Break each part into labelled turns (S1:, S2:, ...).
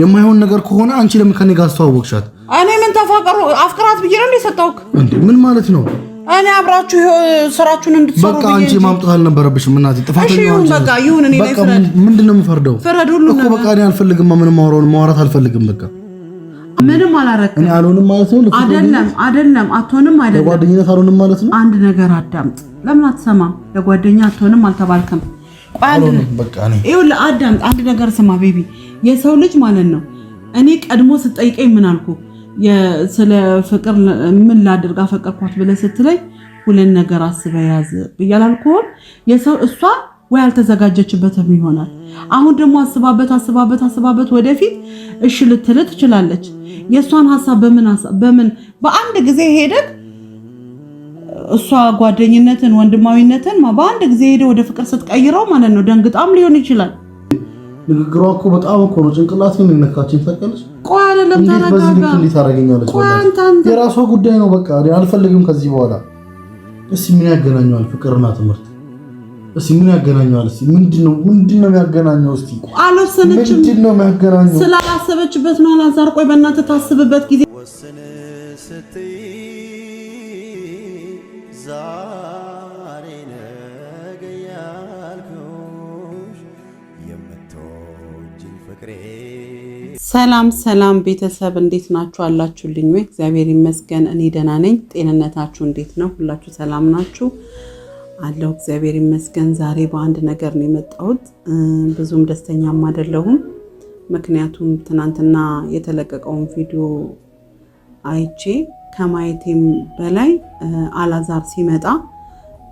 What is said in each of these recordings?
S1: የማይሆን ነገር ከሆነ አንቺ ለምን ከኔ ጋር አስተዋወቅሻት?
S2: እኔ ምን ተፋቀሩ አፍቅራት ብዬ ነው የሰጠውክ
S1: እንዴ? ምን ማለት ነው?
S2: እኔ አብራችሁ ስራችሁን እንድትሰሩ
S1: በቃ አንቺ ማምጣት አልነበረብሽም። እናቴ ጥፋተኛ
S2: ነው። በቃ ይሁን። እኔ ላይ ፍረድ።
S1: ምንድን ነው የምፈርደው? ፍረድ ሁሉ ነው በቃ። እኔ አልፈልግም፣ ምንም ማውራውን ማውራት አልፈልግም። በቃ
S2: ምንም አላረግም።
S1: እኔ አልሆንም ማለት ነው።
S2: አይደለም አይደለም፣ አትሆንም
S1: አይደለም። ለጓደኝነት አልሆንም ማለት ነው።
S2: አንድ ነገር አዳምጥ። ለምን አትሰማም? ለጓደኛ አትሆንም አልተባልክም?
S1: ቆይ
S2: አንድ ነገር ስማ ቤቢ የሰው ልጅ ማለት ነው። እኔ ቀድሞ ስጠይቀኝ ምን አልኩ? ስለ ፍቅር ምን ላድርግ አፈቀርኳት ብለህ ስትለይ ሁለን ነገር አስበ ያዝ ብያለሁ አልኩህ። የሰው እሷ ወይ አልተዘጋጀችበትም ይሆናል። አሁን ደግሞ አስባበት አስባበት አስባበት ወደፊት እሽ ልትል ትችላለች። የእሷን ሀሳብ በምን በምን በአንድ ጊዜ ሄደህ እሷ ጓደኝነትን ወንድማዊነትን በአንድ ጊዜ ሄደህ ወደ ፍቅር ስትቀይረው ማለት ነው ደንግጣም ሊሆን ይችላል
S1: ንግግሯ እኮ በጣም እኮ ነው ጭንቅላቴን ነካችኝ። ታውቂያለሽ? የራሷ ጉዳይ ነው። በቃ አልፈልግም ከዚህ በኋላ። እስኪ ምን ያገናኘዋል ፍቅርና ትምህርት? እስኪ ምን ያገናኘዋል? እስኪ ምንድን ነው ምንድን ነው የሚያገናኘው? እስኪ ምንድን ነው የሚያገናኘው?
S2: ስላላሰበችበት ነው አላዛር። ቆይ በእናትህ ታስብበት ጊዜ ሰላም ሰላም ቤተሰብ እንዴት ናችሁ? አላችሁልኝ ወይ? እግዚአብሔር ይመስገን እኔ ደህና ነኝ። ጤንነታችሁ እንዴት ነው? ሁላችሁ ሰላም ናችሁ? አለሁ እግዚአብሔር ይመስገን። ዛሬ በአንድ ነገር ነው የመጣሁት። ብዙም ደስተኛም አይደለሁም፣ ምክንያቱም ትናንትና የተለቀቀውን ቪዲዮ አይቼ ከማየቴም በላይ አላዛር ሲመጣ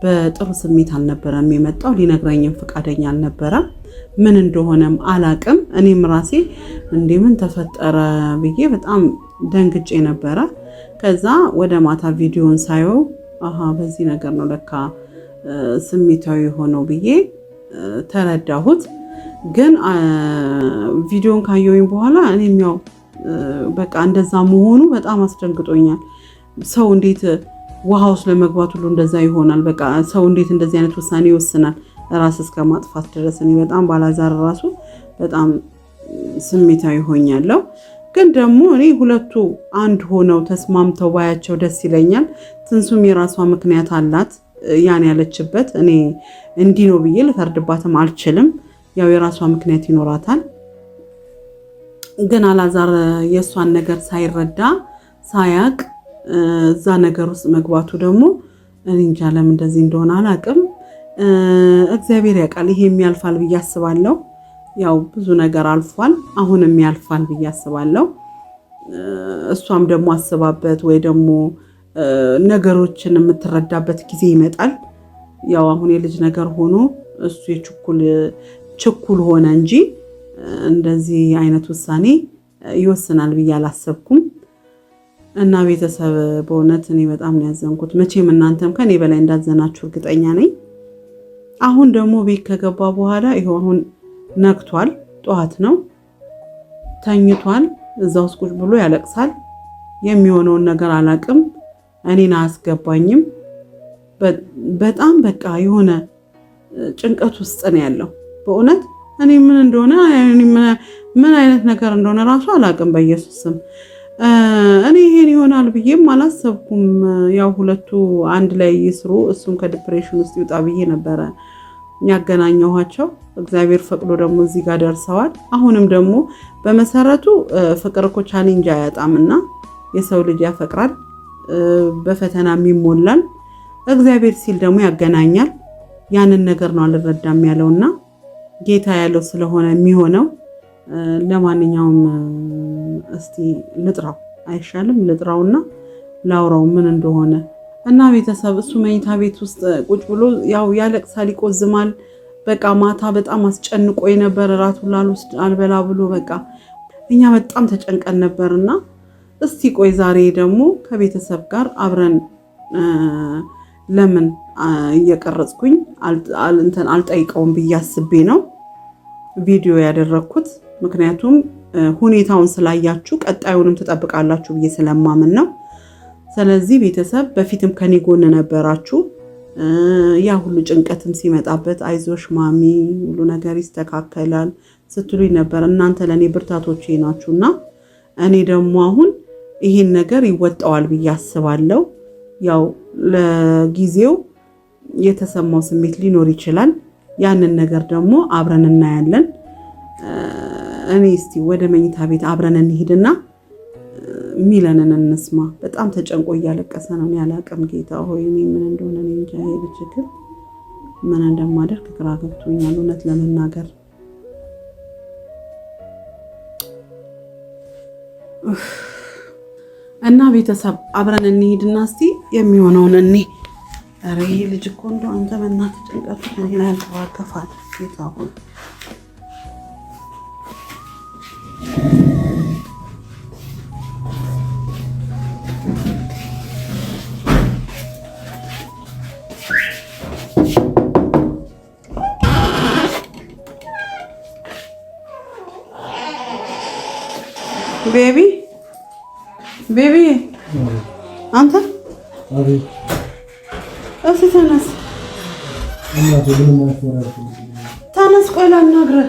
S2: በጥሩ ስሜት አልነበረም የመጣው። ሊነግረኝም ፈቃደኛ አልነበረም። ምን እንደሆነም አላቅም። እኔም ራሴ እንደምን ተፈጠረ ብዬ በጣም ደንግጬ ነበረ። ከዛ ወደ ማታ ቪዲዮን ሳየው አሀ በዚህ ነገር ነው ለካ ስሜታዊ የሆነው ብዬ ተረዳሁት። ግን ቪዲዮን ካየሁኝ በኋላ እኔም ያው በቃ እንደዛ መሆኑ በጣም አስደንግጦኛል። ሰው እንዴት ውሃ ውስጥ ለመግባት ሁሉ እንደዛ ይሆናል። በቃ ሰው እንዴት እንደዚህ አይነት ውሳኔ ይወስናል? ራስ እስከ ማጥፋት ድረስ። እኔ በጣም ባላዛር ራሱ በጣም ስሜታዊ ሆኛለሁ። ግን ደግሞ እኔ ሁለቱ አንድ ሆነው ተስማምተው ባያቸው ደስ ይለኛል። ትንሱም የራሷ ምክንያት አላት ያን ያለችበት እኔ እንዲህ ነው ብዬ ልፈርድባትም አልችልም። ያው የራሷ ምክንያት ይኖራታል። ግን አላዛር የእሷን ነገር ሳይረዳ ሳያቅ እዛ ነገር ውስጥ መግባቱ ደግሞ እኔ እንጃ ለምን እንደዚህ እንደሆነ አላቅም። እግዚአብሔር ያውቃል። ይሄም ያልፋል ብዬ አስባለሁ። ያው ብዙ ነገር አልፏል፣ አሁንም ያልፋል ብዬ አስባለሁ። እሷም ደግሞ አስባበት ወይ ደግሞ ነገሮችን የምትረዳበት ጊዜ ይመጣል። ያው አሁን የልጅ ነገር ሆኖ እሱ የችኩል ችኩል ሆነ እንጂ እንደዚህ አይነት ውሳኔ ይወስናል ብዬ አላሰብኩም። እና ቤተሰብ በእውነት እኔ በጣም ነው ያዘንኩት። መቼም እናንተም ከኔ በላይ እንዳዘናችሁ እርግጠኛ ነኝ። አሁን ደግሞ ቤት ከገባ በኋላ ይኸው አሁን ነግቷል፣ ጠዋት ነው፣ ተኝቷል። እዛ ውስጥ ቁጭ ብሎ ያለቅሳል። የሚሆነውን ነገር አላቅም፣ እኔን አያስገባኝም። በጣም በቃ የሆነ ጭንቀት ውስጥ ነው ያለው በእውነት እኔ ምን እንደሆነ ምን አይነት ነገር እንደሆነ ራሱ አላቅም በኢየሱስ ስም እኔ ይሄን ይሆናል ብዬም አላሰብኩም። ያው ሁለቱ አንድ ላይ ይስሩ፣ እሱም ከዲፕሬሽን ውስጥ ይውጣ ብዬ ነበረ ያገናኘኋቸው። እግዚአብሔር ፈቅዶ ደግሞ እዚህ ጋር ደርሰዋል። አሁንም ደግሞ በመሰረቱ ፍቅር እኮ ቻሌንጅ አያጣም እና የሰው ልጅ ያፈቅራል፣ በፈተናም ይሞላል። እግዚአብሔር ሲል ደግሞ ያገናኛል። ያንን ነገር ነው አልረዳም ያለውና ጌታ ያለው ስለሆነ የሚሆነው ለማንኛውም እስቲ ልጥራው አይሻልም? ልጥራውና ላውራው ምን እንደሆነ እና ቤተሰብ እሱ መኝታ ቤት ውስጥ ቁጭ ብሎ ያው ያለቅሳል፣ ይቆዝማል። በቃ ማታ በጣም አስጨንቆ የነበረ እራት ሁላ አልበላ ብሎ በቃ እኛ በጣም ተጨንቀን ነበር እና እስቲ ቆይ ዛሬ ደግሞ ከቤተሰብ ጋር አብረን ለምን እየቀረጽኩኝ እንትን አልጠይቀውም ብዬ አስቤ ነው ቪዲዮ ያደረግኩት። ምክንያቱም ሁኔታውን ስላያችሁ ቀጣዩንም ትጠብቃላችሁ ብዬ ስለማምን ነው። ስለዚህ ቤተሰብ በፊትም ከኔ ጎን ነበራችሁ። ያ ሁሉ ጭንቀትም ሲመጣበት አይዞሽ ማሚ ሁሉ ነገር ይስተካከላል ስትሉኝ ነበር። እናንተ ለእኔ ብርታቶቼ ናችሁ እና እኔ ደግሞ አሁን ይህን ነገር ይወጣዋል ብዬ አስባለሁ። ያው ለጊዜው የተሰማው ስሜት ሊኖር ይችላል። ያንን ነገር ደግሞ አብረን እናያለን። እኔ እስቲ ወደ መኝታ ቤት አብረን እንሂድና ሚለንን እንስማ። በጣም ተጨንቆ እያለቀሰ ነው። ያለ አቅም ጌታ ሆይ፣ እኔ ምን እንደሆነ እኔ እንጃ። ሄድ ችግር ምን እንደማደርግ ግራ ገብቶኛል እውነት ለመናገር እና ቤተሰብ አብረን እንሂድና እስቲ የሚሆነውን እኔ ኧረ ይሄ ልጅ እኮ እንደው አንተ በእናትህ ጭንቀቱ ምን ያህል ተዋገፋል ጌታ ሆይ ቤቢ ቤቢ አንተ እስኪ ተነስ ተነስ፣ ቆይ ላናግረህ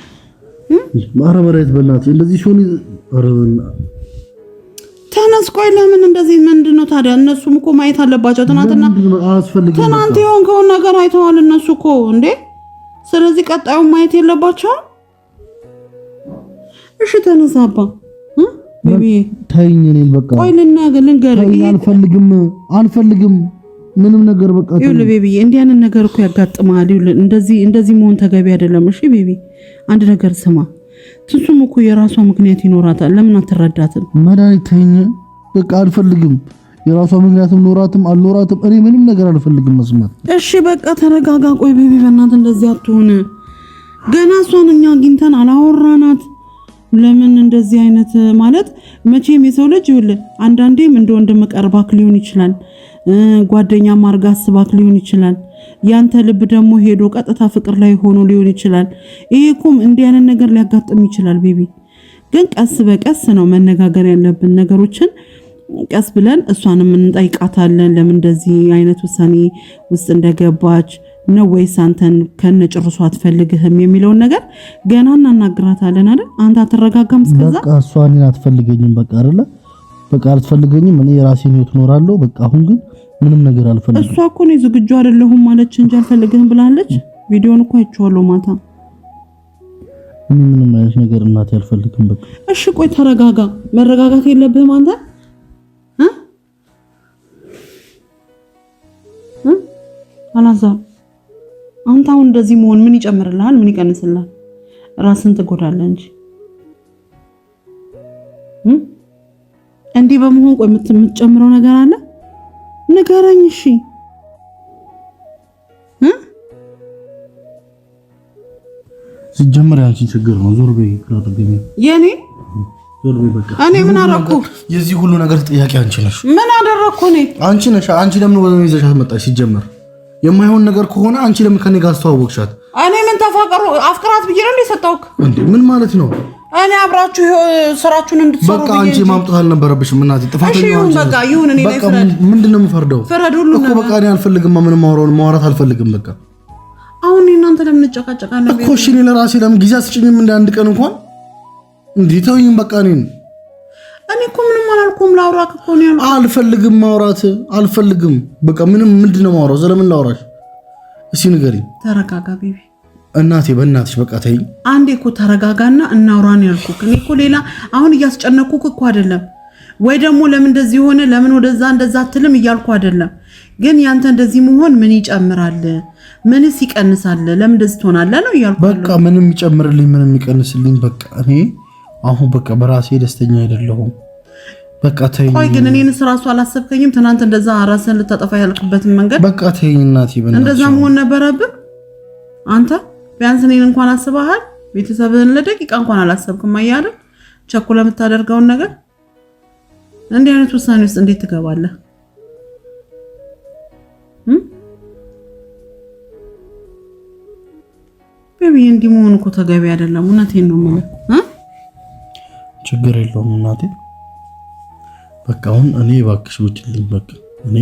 S1: ማረበራይት በእናት እንደዚህ ሲሆን
S2: ተነስ። ቆይ ለምን እንደዚህ ምንድን ነው ታዲያ? እነሱም እኮ ማየት አለባቸው። ትናንትና ትናንት የሆንከውን ነገር አይተዋል እነሱ እኮ እንዴ። ስለዚህ ቀጣዩ ማየት የለባቸው። እሺ ተነሳባ አባ
S1: ተይኝ። እኔን በቃ
S2: ቆይ ልናገር ልንገር
S1: አልፈልግም አልፈልግም ምንም ነገር በቃ
S2: ይሁን ቤቢዬ፣ እንዲያን ነገር እኮ ያጋጥማል። ይሁን እንደዚህ እንደዚህ መሆን ተገቢ አይደለም። እሺ ቤቢ፣ አንድ ነገር ስማ። ትንሱም እኮ የራሷ ምክንያት ይኖራታል። ለምን አትረዳትም?
S1: መድኃኒት ተይኝ፣ በቃ አልፈልግም። የራሷ ምክንያትም ኖራትም አልኖራትም እኔ ምንም ነገር አልፈልግም መስማት።
S2: እሺ በቃ ተረጋጋ። ቆይ ቤቢ፣ በእናትህ እንደዚህ አትሆን። ገና እሷን እኛ አግኝተን አላወራናት ለምን እንደዚህ አይነት ማለት መቼም የሰው ልጅ ይውል አንዳንዴም እንደ ወንድም ቀርባክ ሊሆን ይችላል ጓደኛም አርጋ አስባት ሊሆን ይችላል። ያንተ ልብ ደግሞ ሄዶ ቀጥታ ፍቅር ላይ ሆኖ ሊሆን ይችላል። ይሄ ቁም እንዲህ ያንን ነገር ሊያጋጥም ይችላል። ቤቢ ግን ቀስ በቀስ ነው መነጋገር ያለብን ነገሮችን ቀስ ብለን እሷንም እንጠይቃታለን። ለምን እንደዚህ አይነት ውሳኔ ውስጥ እንደገባች ነው ወይስ አንተን ከነ ጭርሶ አትፈልግህም የሚለውን ነገር ገና እናናግራታለን አይደል? አንተ አትረጋጋም
S1: እስከዛ። በቃ እሷ እኔን አትፈልገኝም፣ በቃ አይደለ? በቃ አትፈልገኝም፣ እኔ የራሴን ህይወት እኖራለሁ። በቃ አሁን ግን ምንም ነገር አልፈልግም።
S2: እሷ እኮ እኔ ዝግጁ አይደለሁም ማለች እንጂ አልፈልግህም ብላለች። ቪዲዮን እኮ አይቼዋለሁ ማታ።
S1: ምንም አይነት ነገር እናቴ አልፈልግም። በቃ
S2: እሺ፣ ቆይ ተረጋጋ። መረጋጋት የለብህም አንተ አላዛ አንተ አሁን እንደዚህ መሆን ምን ይጨምርልሃል? ምን ይቀንስልሃል? ራስን ትጎዳለህ እንጂ እንዲህ በመሆን ቆይ የምትጨምረው ነገር አለ ንገረኝ። እሺ
S1: ሲጀመር ያንቺ ችግር ነው። ዞር በይ።
S2: የኔ እኔ ምን አደረኩ?
S1: የዚህ ሁሉ ነገር ጥያቄ አንቺ ነሽ።
S2: ምን አደረኩ እኔ?
S1: አንቺ ነሽ። አንቺ ለምን ወደ ይዘሻት መጣሽ? ሲጀመር የማይሆን ነገር ከሆነ አንቺ ለምን ከኔ ጋር አስተዋወቅሻት?
S2: እኔ ምን ተፋቀሩ አፍቅራት ብዬ ነው እንዴ ሰጠውክ
S1: እንዴ? ምን ማለት ነው?
S2: እኔ አብራችሁ ስራችሁን እንድትሰሩ
S1: በቃ አንቺ ማምጣት አልነበረብሽም። እናቴ
S2: ጥፋተኛ አንቺ በቃ ይሁን። እኔ ላይ ፍረድ።
S1: ምንድን ነው የምፈርደው? ፍረድ ሁሉ ነው በቃ። እኔ አልፈልግም፣ ምንም ማውራውን ማውራት አልፈልግም። በቃ
S2: አሁን እናንተ ለምን ጨቃጨቃ ነው
S1: እኮ? እሺ እኔ ለራሴ ለምን ጊዜ አስጭኝም? እንደ አንድ ቀን እንኳን እንዴ ተውኝ። በቃ እኔን
S2: እኔ እኮ ምንም አላልኩም። ላውራ እኮ ነው
S1: አልፈልግም፣ ማውራት አልፈልግም። በቃ ምንም ምንድን ነው ማውራው? ስለምን ላውራሽ? እስኪ ንገሪኝ።
S2: ተረጋጋ ቤቢ
S1: እናቴ በእናትሽ በቃ ተይኝ።
S2: አንዴ እኮ ተረጋጋና እናውራን ያልኩ እኔ እኮ ሌላ አሁን እያስጨነኩክ እኮ አይደለም ወይ ደግሞ ለምን እንደዚህ ሆነ ለምን ወደዛ እንደዛ አትልም እያልኩ አይደለም። ግን ያንተ እንደዚህ መሆን ምን ይጨምራል? ምንስ ይቀንሳል? ለምን እንደዚህ ትሆናለህ ነው እያልኩ
S1: በቃ ምንም ይጨምርልኝ ምንም ይቀንስልኝ በቃ እኔ አሁን በቃ በራሴ ደስተኛ አይደለሁም። በቃ ተይኝ።
S2: ቆይ ግን እኔንስ ራሱ አላሰብከኝም? ትናንት እንደዛ ራስህን ልታጠፋ ያልክበትን መንገድ
S1: በቃ ተይኝ እናቴ።
S2: እንደዛ መሆን ነበረብህ አንተ ቢያንስ እኔን እንኳን አስበሃል? ቤተሰብህን ለደቂቃ እንኳን አላሰብክም? አያለ ቸኩለ ለምታደርገውን ነገር እንዲህ አይነት ውሳኔ ውስጥ እንዴት ትገባለህ? ቤቢ እንዲህ መሆን እኮ ተገቢ አይደለም። እውነቴን ነው የምልህ።
S1: ችግር የለውም እናቴ። በቃ አሁን እኔ እባክሽ ውጭልኝ። በቃ እኔ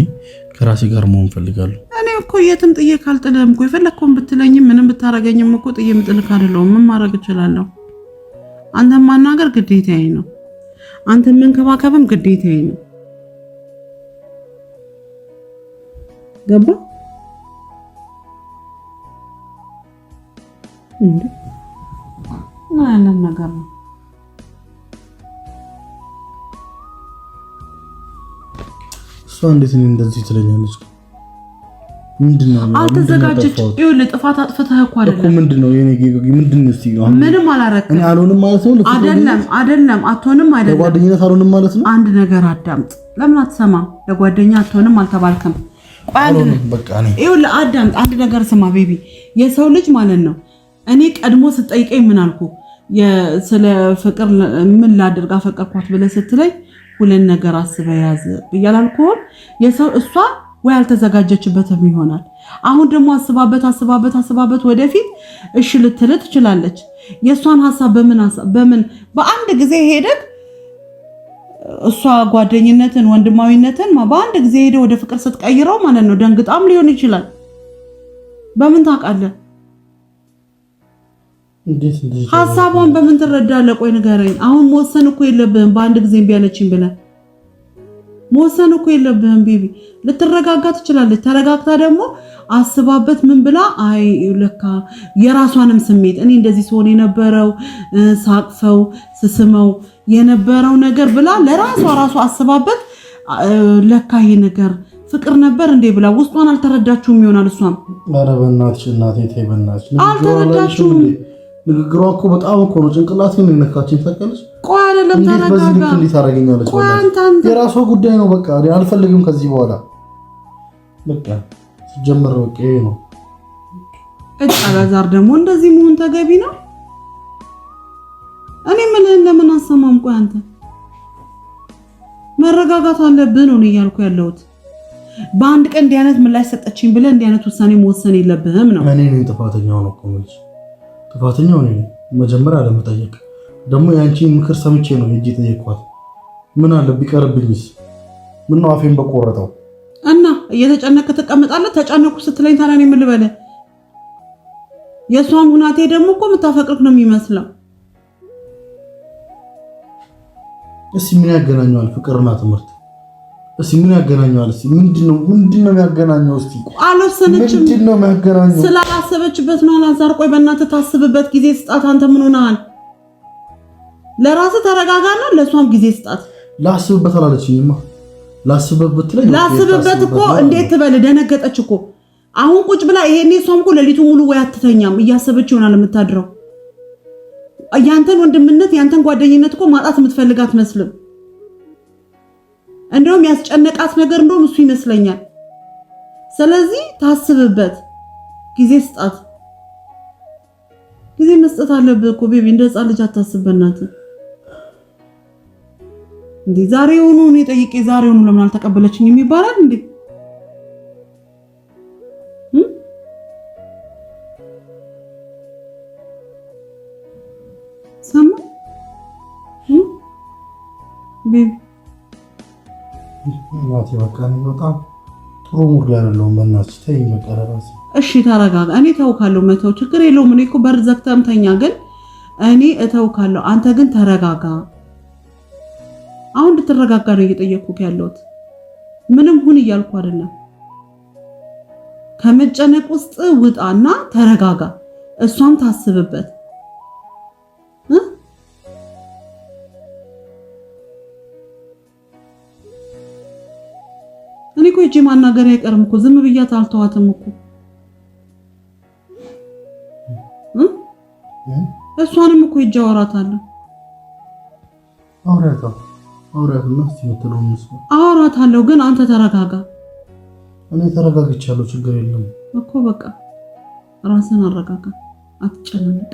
S1: ከራሴ ጋር መሆን እፈልጋለሁ።
S2: እኮ የትም ጥዬ ካልጥልህም እኮ የፈለግከውን ብትለኝም ምንም ብታረገኝም እኮ ጥዬ ምጥልክ አይደለሁም። ምን ማድረግ እችላለሁ? አንተን ማናገር ግዴታዬ ነው። አንተን መንከባከብም ግዴታዬ ነው። ገባ እንዴ? ያለ ነገር ነው
S1: እሷ እንዴት እንደዚህ ትለኛለች?
S2: አልተዘጋጀች ይኸውልህ፣ ጥፋት አጥፍተህ እኮ አይደለም። ምንድን አንድ ነገር አዳምጥ። ለምን አትሰማ? ለጓደኛ አትሆንም አልተባልክም? ይኸውልህ፣ አዳምጥ። አንድ ነገር ስማ ቤቢ። የሰው ልጅ ማለት ነው እኔ ቀድሞ ስጠይቀኝ ምን አልኩ? ስለ ፍቅር ምን ላድርግ አፈቀርኳት ብለህ ስትለኝ ሁለት ነገር አስበህ ያዝ ብያለሁ አልኩህ። የሰው እሷ ወይ አልተዘጋጀችበትም ይሆናል። አሁን ደግሞ አስባበት አስባበት አስባበት ወደፊት እሽ ልትል ትችላለች። የእሷን ሀሳብ በምን በምን በአንድ ጊዜ ሄደት እሷ ጓደኝነትን ወንድማዊነትን በአንድ ጊዜ ሄደ ወደ ፍቅር ስትቀይረው ማለት ነው ደንግጣም ሊሆን ይችላል። በምን ታውቃለህ? ሀሳቧን በምን ትረዳለህ? ቆይ ንገረኝ። አሁን መወሰን እኮ የለብህም በአንድ ጊዜ እምቢ ብለህ መወሰን እኮ የለብህም ቤቢ። ልትረጋጋ ትችላለች። ተረጋግታ ደግሞ አስባበት ምን ብላ አይ ለካ የራሷንም ስሜት እኔ እንደዚህ ሲሆን የነበረው ሳቅፈው ስስመው የነበረው ነገር ብላ ለራሷ ራሷ አስባበት ለካ ይሄ ነገር ፍቅር ነበር እንዴ ብላ ውስጧን አልተረዳችሁም ይሆናል። እሷም
S1: ኧረ በእናትሽ እናቴ ተይ በእናትሽ
S2: አልተረዳችሁም
S1: ንግግሯ እኮ በጣም እኮ ነው ጭንቅላቴን የነካችኝ። ታውቂያለሽ?
S2: ቆይ አይደለም ተረጋጋ።
S1: እንዴት ታደርገኛለች? የራሷ ጉዳይ ነው። በቃ አልፈልግም ከዚህ በኋላ በቃ ሲጀመር በቃ ይሄ ነው።
S2: እጭ አላዛር ደግሞ እንደዚህ መሆን ተገቢ ነው? እኔ ምን ለምን አሰማም? ቆይ አንተ መረጋጋት አለብህ ነው እያልኩ ያለሁት። በአንድ ቀን እንዲህ አይነት ምላሽ ሰጠችኝ ብለህ እንዲህ አይነት ውሳኔ መወሰን የለብህም ነው።
S1: እኔ ነኝ ጥፋተኛው ነው እኮ የምልሽ ጥፋተኛው እኔ ነኝ። መጀመሪያ አለመጠየቅ ደግሞ የአንቺን ምክር ሰምቼ ነው ሄጄ ጠየቅኳት። ምን አለ ቢቀርብኝስ? ምን ነው አፌን በቆረጠው
S2: እና እየተጨነቅ ትቀምጣለህ። ተጨነኩ ስትለኝ ታዲያ እኔ ምን ልበልህ? የእሷም ሁናቴ ደግሞ እኮ የምታፈቅርህ ነው የሚመስለው።
S1: እስኪ ምን ያገናኘዋል ፍቅርና ትምህርት? እስቲ ምን ያገናኘዋል? እስቲ ምንድን ነው ምንድን ነው የሚያገናኘው? እስቲ
S2: አልወሰነችም።
S1: ምንድን ነው የሚያገናኘው?
S2: ስላላሰበችበት ነው። አላዛር ቆይ በእናትህ ታስብበት ጊዜ ስጣት። አንተ ምን ሆነሃል? ለራስህ ተረጋጋና ለእሷም ጊዜ ስጣት።
S1: ላስብበት አላለችኝማ። ላስብበት ላይ
S2: ላስብበት እኮ እንዴት ትበል? ደነገጠች እኮ አሁን ቁጭ ብላ ይሄኔ። እሷም እኮ ሌሊቱ ሙሉ ወይ አትተኛም እያሰበች ይሆናል የምታድረው። ያንተን ወንድምነት ያንተን ጓደኝነት እኮ ማጣት የምትፈልግ አትመስልም። እንደውም ያስጨነቃት ነገር እንደውም እሱ ይመስለኛል። ስለዚህ ታስብበት፣ ጊዜ ስጣት። ጊዜ መስጠት አለብህ እኮ ቤቢ፣ እንደ ህፃን ልጅ አታስበናት። እንዴ ዛሬውኑ እኔ ጠይቄ ዛሬውኑ ለምን አልተቀበለችኝ የሚባላል እንዴ?
S1: እናቴ በቃኝ። በጣም ጥሩ ሙድ ላይ አይደለሁም። በእናትሽ ተይኝ በቃ ለራሴ።
S2: እሺ ተረጋጋ። እኔ እተውካለሁ። መተው ችግር የለውም። እኔ እኮ በር ዘግተህም ተኛ፣ ግን እኔ እተውካለሁ። አንተ ግን ተረጋጋ። አሁን እንድትረጋጋ ነው እየጠየቅኩህ ያለሁት። ምንም ሁን እያልኩ አይደለም። ከመጨነቅ ውስጥ ውጣና ተረጋጋ። እሷም ታስብበት ሄጄ ማናገር አይቀርም እኮ ዝም ብያት አልተዋትም እኮ እሷንም እኮ ሄጄ አወራታለሁ። አወራታለሁ ግን አንተ ተረጋጋ።
S1: እኔ ተረጋግቻለሁ፣ ችግር የለም
S2: እኮ በቃ ራስን አረጋጋ፣ አትጨናነቅ።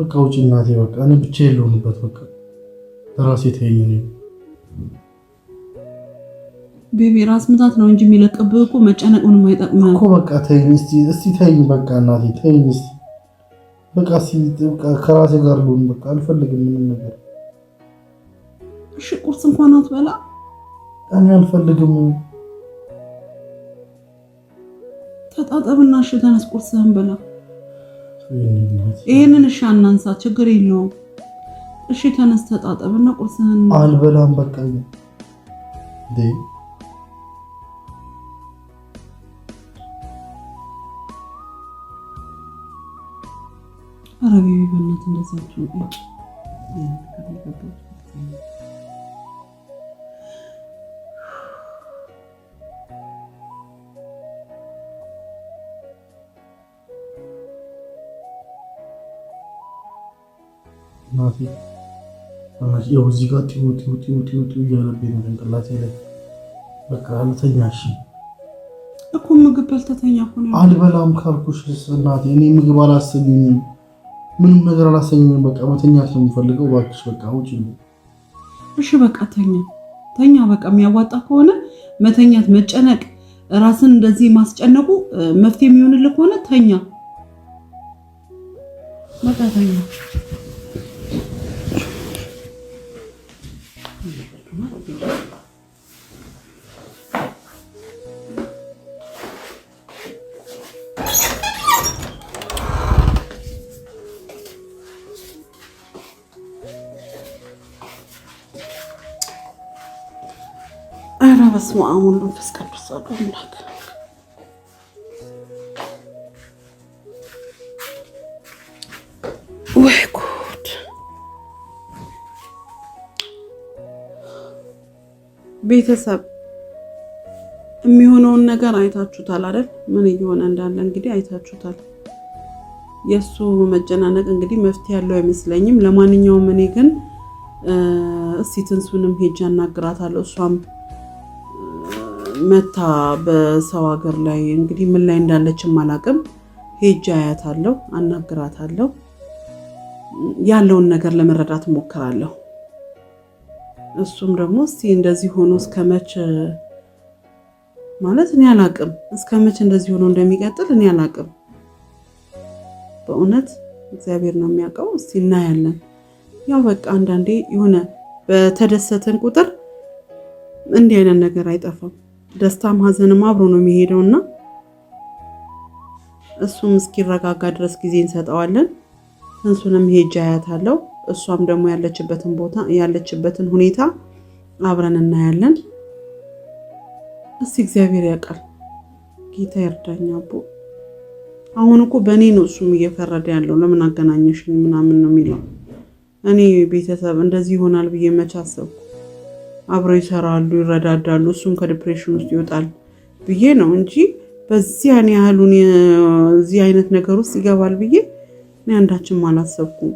S1: በቃ ውጭ እናቴ፣ በቃ እኔ ብቻ የለውንበት በቃ ራሴ ተይኝ ነው
S2: ቤቢ። ራስ ምታት ነው እንጂ የሚለቅብህ እኮ መጨነቅ ምንም አይጠቅም
S1: እኮ። በቃ ተይኝ እስቲ፣ እስቲ ተይኝ በቃ እናቴ ተይኝ እስቲ በቃ ከራሴ ጋር ልሁን በቃ አልፈልግም ምንም ነገር።
S2: እሺ ቁርስ እንኳን አትበላ?
S1: እኔ አልፈልግም።
S2: ተጣጠብና እሺ ተነስ ቁርስህን በላ። ይህንን እሺ፣ አናንሳ፣ ችግር የለውም። እሺ፣ ተነስ፣ ተጣጠብ ተጣጠብና ቁርስህን።
S1: አልበላም፣ በቃ
S2: አረቢ በእናትህ እንደዚያቸው
S1: እናቴ ያው እዚህ ጋር ጢው ጢው ጢው ጢው ጢው እያለብኝ ነው ጭንቅላቴ ላይ። በቃ አልተኛሽ
S2: እኮ ምግብ በልተተኛ እኮ ነው።
S1: አልበላም ካልኩሽ እናቴ፣ እኔ ምግብ አላሰኘኝም፣ ምንም ነገር አላሰኘኝም። በቃ መተኛት ነው የምፈልገው። እባክሽ በቃ ነው።
S2: እሺ በቃ ተኛ ተኛ። በቃ የሚያዋጣ ከሆነ መተኛት፣ መጨነቅ፣ ራስን እንደዚህ ማስጨነቁ መፍትሄ የሚሆንልህ ከሆነ ተኛ፣ በቃ ተኛ። በስመ አብ ወወልድ ወመንፈስ ቅዱስ አሐዱ አምላክ። ወይ ጉድ! ቤተሰብ የሚሆነውን ነገር አይታችሁታል አይደል? ምን እየሆነ እንዳለ እንግዲህ አይታችሁታል። የእሱ መጨናነቅ እንግዲህ መፍትሄ ያለው አይመስለኝም። ለማንኛውም እኔ ግን እስቲ ትንሱንም ሄጄ አናግራታለሁ እሷም መታ በሰው ሀገር ላይ እንግዲህ ምን ላይ እንዳለችም አላቅም። ሄጄ አያታለሁ፣ አናግራታለሁ፣ ያለውን ነገር ለመረዳት እሞክራለሁ። እሱም ደግሞ እስቲ እንደዚህ ሆኖ እስከ መቼ ማለት እኔ አላቅም፣ እስከ መቼ እንደዚህ ሆኖ እንደሚቀጥል እኔ አላቅም። በእውነት እግዚአብሔር ነው የሚያውቀው። እስቲ እናያለን። ያው በቃ አንዳንዴ የሆነ በተደሰተን ቁጥር እንዲህ አይነት ነገር አይጠፋም። ደስታም ሀዘንም አብሮ ነው የሚሄደው እና እሱም እስኪረጋጋ ድረስ ጊዜ እንሰጠዋለን። ትንሱንም ሄጄ አያታለሁ። እሷም ደግሞ ያለችበትን ቦታ ያለችበትን ሁኔታ አብረን እናያለን። እስቲ እግዚአብሔር ያውቃል። ጌታ ይርዳኝ አቦ። አሁን እኮ በእኔ ነው እሱም እየፈረደ ያለው። ለምን አገናኘሽ ምናምን ነው የሚለው። እኔ ቤተሰብ እንደዚህ ይሆናል ብዬ መቻ አሰብኩ? አብረው ይሰራሉ፣ ይረዳዳሉ፣ እሱም ከዲፕሬሽን ውስጥ ይወጣል ብዬ ነው እንጂ በዚያን ያህሉን እዚህ አይነት ነገር ውስጥ ይገባል ብዬ እኔ አንዳችም አላሰብኩም።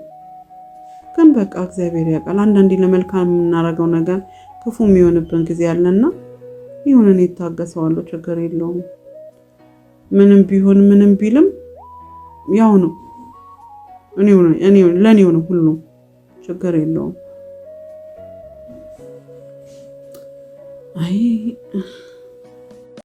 S2: ግን በቃ እግዚአብሔር ያውቃል። አንዳንዴ ለመልካም የምናደርገው ነገር ክፉ የሚሆንብን ጊዜ አለና ይሁን እኔ እታገሰዋለሁ፣ ችግር የለውም። ምንም ቢሆን ምንም ቢልም ያው ነው፣ ለእኔው ነው ሁሉም፣ ችግር የለውም። 哎。